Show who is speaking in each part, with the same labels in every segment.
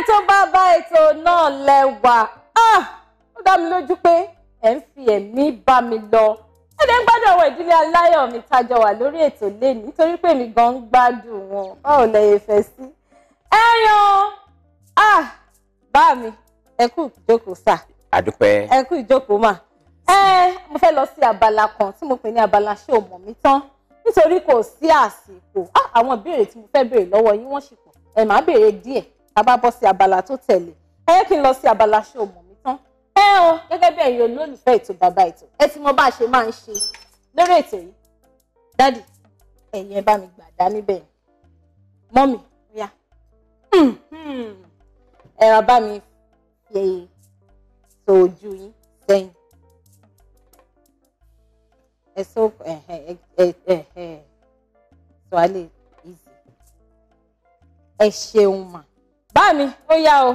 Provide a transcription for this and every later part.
Speaker 1: ètò bàbá ètò náà lẹ́wà ah, ó dá mi lójú pé ẹ̀ ń fi ẹ̀mí bá mi lọ ẹ̀dẹ̀ ń gbádùn àwọn ìdílé aláyọ̀ mi tájọ wà lórí ètò lẹ́nu nítorí pé mi gan ń gbádùn wọn báwo lẹ́yìn fẹ́ sí. ẹ̀yàn ah bá mi ẹ kú ìjókòó sà. àdúpẹ́. ẹ kú ìjókòó mà. ẹ mo fẹ́ lọ sí abala kan tí mo pè ní abala ṣé o mọ̀ mí tán nítorí kò sí àsìkò ah, àwọn ìbéèrè tí mo fẹ́ béèrè lọ́wọ́ yín wọ́n ṣì pọ̀ ẹ máa béèrè díẹ̀ tá a bá bọ́ sí abala tó tẹ̀lé ẹ yẹ kí n lọ sí abala ṣé o mọ̀ mí tán ẹ o gẹ́gẹ́ bí ẹ̀yin olólùfẹ́ ètò bàbá ètò ẹ ti mọ bá a ṣe máa ń ṣe lórí ètò yìí dádì ẹ̀yin ẹ bá mi gbà dá níbẹ̀ mọ́mì ya hmm, hmm. ẹ wá bá mi fi so ojú yín sẹ́yìn ẹ so ẹ ẹ ẹ ẹ so alẹ́ ẹ ṣeun mà bá mi ó yá o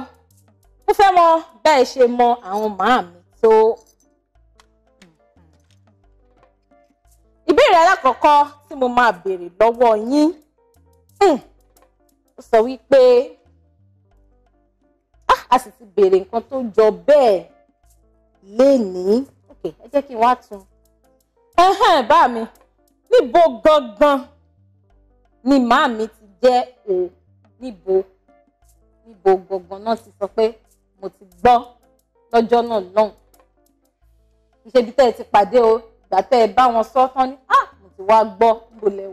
Speaker 1: mo fẹ́ mọ bẹ́ẹ̀ ṣe mọ àwọn màá mi tó. ìbéèrè alákọ̀ọ́kọ́ tí mo máa béèrè lọ́wọ́ yín hmm. ó sọ wípé ah, a sì ti béèrè nǹkan tó jọ bẹ́ẹ̀ lénìí ok ẹ jẹ́ kí n wá tún ẹ̀hẹ́n bá mi níbo gangan ni màá mi ti jẹ́ o níbo níbo gbọ̀ngàn náà ti sọ pé mo ti gbọ́ lọ́jọ́ náà lọ́hùn ìṣèbí tẹ́ ẹ ti pàdé o ìgbà tẹ́ ẹ bá wọn sọ tán ni ah mo ti wá gbọ́ níbo lẹ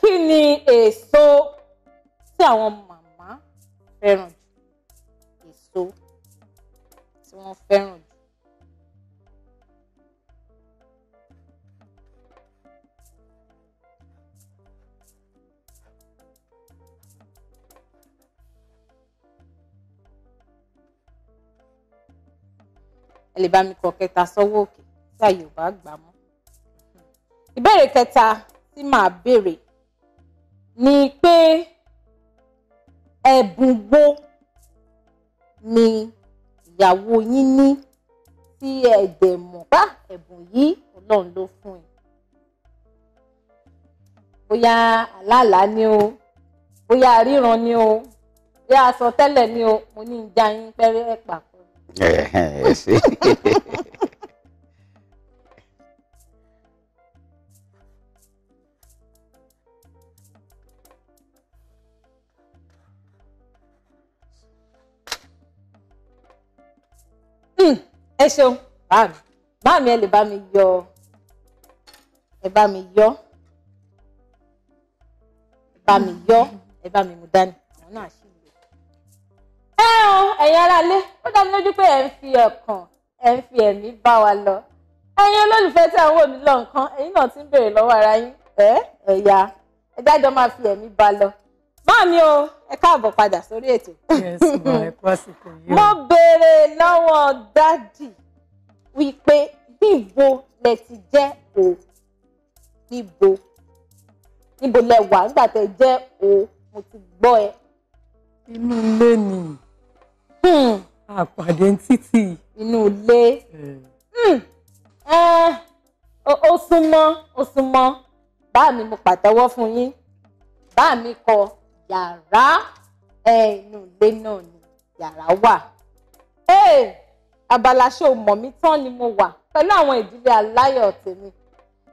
Speaker 1: kí ni èso tí àwọn màmá fẹ́ràn jù èso tí wọ́n fẹ́ràn jù. ẹ lè bá mi kọ kẹta sọ́wọ́ òkè tí àyè ò bá gbà mọ́. ìbéèrè kẹta tí màá béèrè ni pé ẹ̀bùn wo ni ìyàwó yín ní tí ẹ dẹ̀ mọ̀ bá ẹ̀bùn yìí ọlọ́run ló fún yín bóyá àlàálá ni o bóyá ríran ni o bóyá aṣọ tẹ́lẹ̀ ni o mo ní ìjà yín pẹ́rẹ́ pàpọ̀. ẹ ẹ ṣe. ẹ ṣeun bá mi bá mi ẹ lè bá mi yọ ẹ bá mi yọ ẹ bá mi yọ ẹ bá mi mú dání àwọn náà ṣì ń lò. ẹ o ẹ̀yin aráalé ó dá mi lójú pé ẹ̀ ń fi ọkàn ẹ̀ ń fi ẹ̀mí bá wa lọ ẹ̀yin olólùfẹ́ tí àwọn òmí lọ nǹkan ẹ̀yin náà ti ń béèrè lọ́wọ́ ara yín ẹ̀ ẹ̀yà ẹ̀dájọ́ máa fi ẹ̀mí bá lọ. bá o ẹ káàbọ̀ padà sórí ètò. mo béèrè lọ́wọ́ dádì wípé níbo lẹ ti jẹ́ o níbo níbo lẹ wà nígbà tẹ jẹ́ o mo ti gbọ́ ẹ. inú ilé ni àpàdé hmm. ń títì. inú ilé ó eh. hmm. eh, súnmọ́ ó súnmọ́ bá mi mo pàtẹ́wọ́ fún yín bá mi kọ yàrá ẹnu ilé náà ni yàrá wà. abala ṣé o mọ̀ mí tán ni mo wà pẹ̀lú àwọn ìdílé aláyọ̀ tèmi.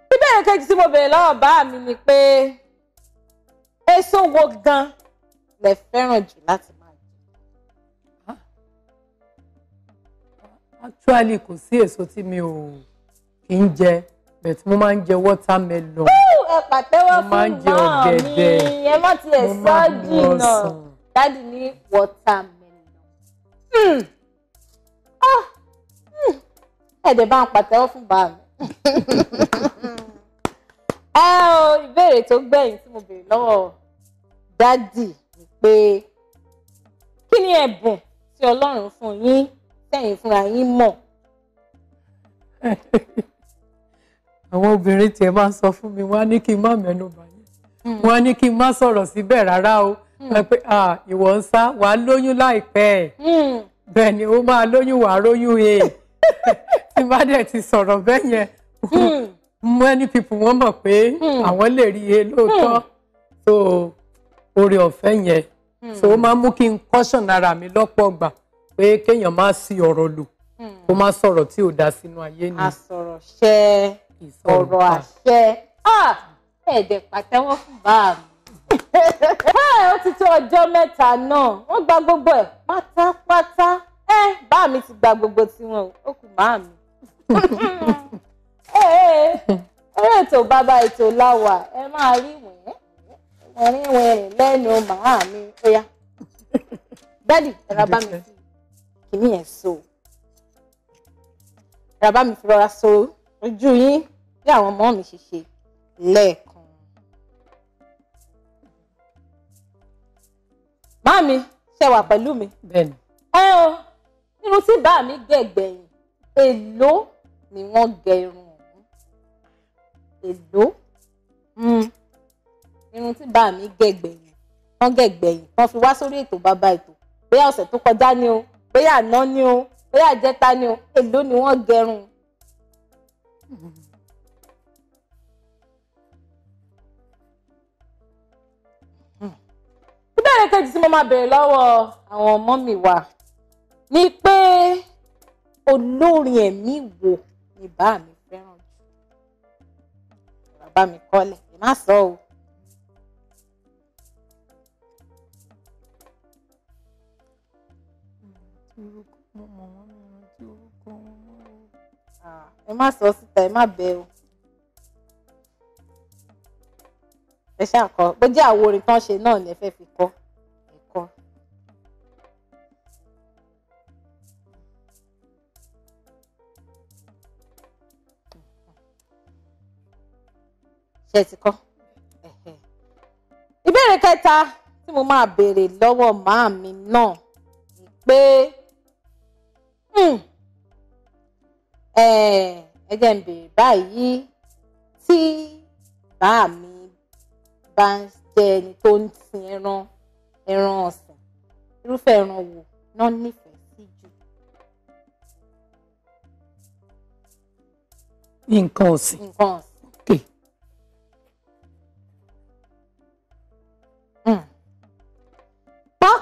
Speaker 1: bíbẹ̀rẹ̀ kejì tí mo bèrè lọ́wọ́ bá mi ni pé èso wo gan lẹ fẹ́ràn jù láti máa jẹ. actually kò sí èso tí mi ò kì í jẹ but mo máa ń jẹ watermelon ẹ pàtẹ́wọ́ fún màá mi ẹ má tiẹ̀ sọ jìnnà dáàdì ní watermelon hmm. ah, hmm. ẹ̀dẹ̀ bá ń pàtẹ́wọ́ fún bàá mi. ẹ o ìbéèrè tó gbẹ̀yìn tí mo béèrè lọ́wọ́ dáàdì ni pé kí ni ẹ̀bùn tí Ọlọ́run fún yín tẹ̀yin fúnra yín mọ̀. àwọn obìnrin tiẹ̀ máa ń sọ fún mi wọ́n á ní kí n má mẹ́nu bàyẹn hmm. wọ́n á ní kí n má sọ̀rọ̀ síbẹ̀ rárá o wọ́n hmm. pe ìwọ ń sá wàá lóyún láìpẹ́ ẹ̀ hmm. bẹ́ẹ̀ ni ó máa lóyún wàá róyún ẹ̀, tí bá dẹ̀ ti sọ̀rọ̀ bẹ́ẹ̀ yẹn many people wọ́n mọ̀ pé àwọn lè rí e lóòótọ́ ọ̀fẹ́ yẹn ó máa kí n ara lọ́pọ̀ ọ̀rọ̀ àṣẹ ẹ̀ẹ́dẹ̀ pàtẹ́wọ́ fún bàá mi. ó ti tó ọjọ́ mẹ́ta náà wọ́n gba gbogbo ẹ̀ pátápátá ẹ bàá mi ti gba gbogbo tiwọn ó kù bàá mi. eré ètò bàbá ètò láwà ẹ máa rí wẹ̀ẹ́ ẹ̀rín wẹ̀rìn lẹ́nu màá mi ó yá. dádì ẹ̀rọ bá mi fi kìíní ẹ̀ so ẹ̀rọ bá mi fi rọra so ojú yín bí àwọn ọmọ mi ṣe ṣe lẹ́ẹ̀kan. Màámi ṣe wà pẹ̀lú mi. Bẹ́ẹ̀ni. Ẹ o, irun tí bá mi gẹ̀ gbẹ̀yìn, èló ni wọ́n gẹ irun ọ̀hún. Èló. Hmm. Irun tí bá mi gẹ̀ gbẹ̀yìn, wọ́n gẹ̀ gbẹ̀yìn, wọ́n fi wá sórí ètò bàbá ètò. Bóyá ọ̀sẹ̀ tó kọjá ni o, bóyá àná ni o, bóyá àjẹta ni o, èló ni wọ́n gẹrun ìbéèrè kejì tí mo máa béèrè lọ́wọ́ àwọn ọmọ mi wà ni pé olórin ẹ̀mí wo ni bá mi fẹ́ràn jù bàbá mi kọ́lẹ̀ ẹ má sọ o. orúkọ mọ̀ wọ́n mi rántí orúkọ wọn mọ́ ẹ má sọ síta ẹ má bẹ o ẹ ṣáà kọ bó jẹ́ àwo orin tán ṣe náà ni ẹ fẹ́ fi kọ ẹ kọ. ṣe ti kọ ìbéèrè kẹta tí mo máa béèrè lọ́wọ́ màá náà ni pé. Hmm, ẹgẹ́ ń bèrè báyìí tí bá mi bá ń jẹ́ ẹni tó ń tin ẹran ẹran ọ̀sìn irúfẹ́ ẹran wo náà nífẹ̀ẹ́ sí jù. nǹkan ọ̀sìn. nǹkan ọ̀sìn. Hmm.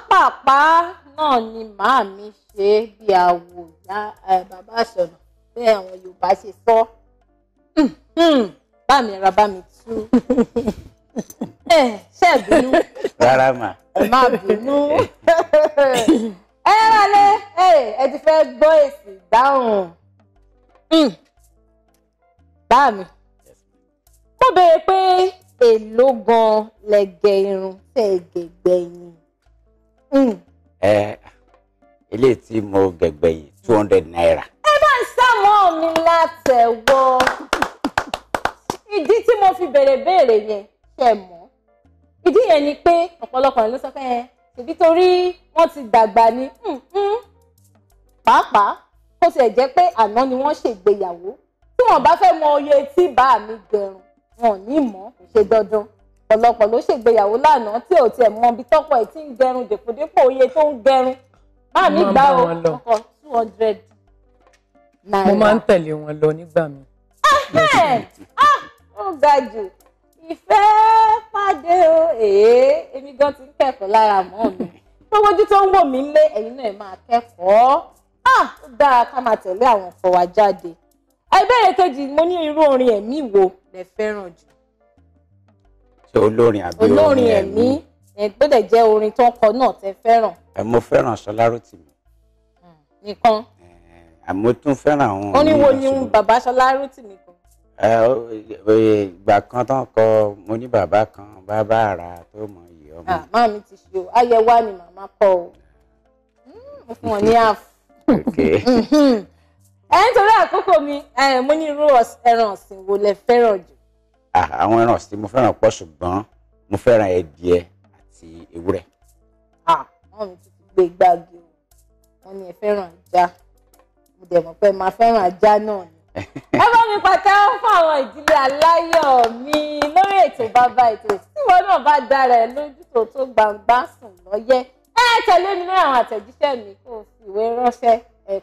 Speaker 1: pápá náà ni màá ṣe bí àwòyá bàbá àṣọ̀nà bẹ́ẹ̀ àwọn Yorùbá ṣe sọ hmm, bá mi ra bá mi tú eh, ṣe bínú rárá mà ẹ má bínú ẹ wálé eh, ẹ ti fẹ́ gbọ́ èsì ìdáhùn hmm. bá mi mo béèrè pé èló gan lẹgẹ irun tẹ gẹgbẹ yín. ẹ hmm. ilé eh, tí mo gẹgbẹ yìí two hundred naira ní látẹ̀wọ́ ìdí tí mo fi bèrè béèrè yẹn ṣe mọ́ ìdí yẹn ni pé ọ̀pọ̀lọpọ̀ ló sọ pé ẹ ṣèbí torí wọ́n ti dàgbà ni mm-hmm. pàápàá kó tiẹ̀ jẹ́ pé àná ni wọ́n ṣègbéyàwó tí wọ́n bá fẹ́ mọ oyè tí bàá mi gẹrun wọn ò ní mọ̀ kò ṣe dandan ọ̀pọ̀lọpọ̀ ló ṣègbéyàwó lánàá tí ò tiẹ̀ mọ ibi tọ́pọ̀ ẹ̀ tí ń gẹrun dèpòdépò oyè tó ń gẹrun bá mi gbá o ọkọ̀ two hundred náírà. mo máa ń tẹ̀lé wọn lọ nígbà mi. Ah, ah, ó ga jù ìfẹ́ pàdé o èé èmi gan ti ń kẹ́kọ̀ọ́ lára mọ́ mi tọwọ́jú tó ń wò mí lé ẹ̀yin náà máa kẹ́kọ̀ọ́ ah, ó dáa ká máa tẹ̀lé àwọn ọ̀fọ̀ wa jáde. ìbéèrè kejì mo ní irú orin ẹ̀mí wo lẹ fẹ́ràn jù. ṣé olórin àbí olórin ẹ̀mí tó dẹ̀ jẹ́ orin tó ń kọ náà tẹ fẹ́ràn. ẹ mo fẹ́ràn Ṣọlá Rótìmí. Hmm, nìkan àmọ́ tún fẹ́ràn àwọn. ó ní wo ni bàbá Ṣọlá Rótìmí kan. ìgbà kan tán kọ mo ní bàbá kan bàbá àrà tó mọ iye ọmọ. Ah, màmá mi ti ṣe o ayẹwa ni màmá kọ o hmm, mo fún wọn ní àf. ẹ nítorí àkókò mi mo ní irú ẹran ọ̀sìn wo lẹ fẹ́ràn jù. Ah, àwọn ẹran ọ̀sìn mo fẹ́ràn pọ̀ ṣùgbọ́n mo fẹ́ràn ẹdìẹ àti ewúrẹ́. Ah, àwọn mi ti gbé igbá gbé wọn ni ẹ fẹ́ràn pẹ́ máa fẹ́ràn ajá náà ni. ẹ bá mi pàtẹ́wọ́ fún àwọn ìdílé aláyọ̀ mi lórí ètò bàbá ètò tí wọn náà bá dára ẹ lójútó tó gbangba sùn lọ́yẹ́ ẹ tẹ̀lé mi lórí àwọn àtẹ̀jíṣẹ́ mi kó o fi ìwé ránṣẹ́ ẹ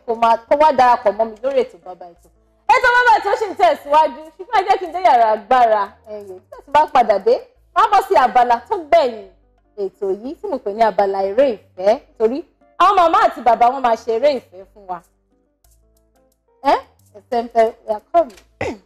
Speaker 1: kó wá darapọ̀ mọ́ mi lórí ètò bàbá ètò ètò bàbá ètò ṣì ń tẹ̀síwájú ṣùgbọ́n ẹ jẹ́ kí n dé yàrá agbára ẹ̀yìn tí wọ́n bá padà dé wọ́n bọ́ sí abala tó gbẹ̀yìn ètò yìí tí mo pè ní abala eré ìfẹ́ torí àwọn màmá àti bàbá wọn máa ṣe eré ìfẹ́ fún wa the same time we are coming.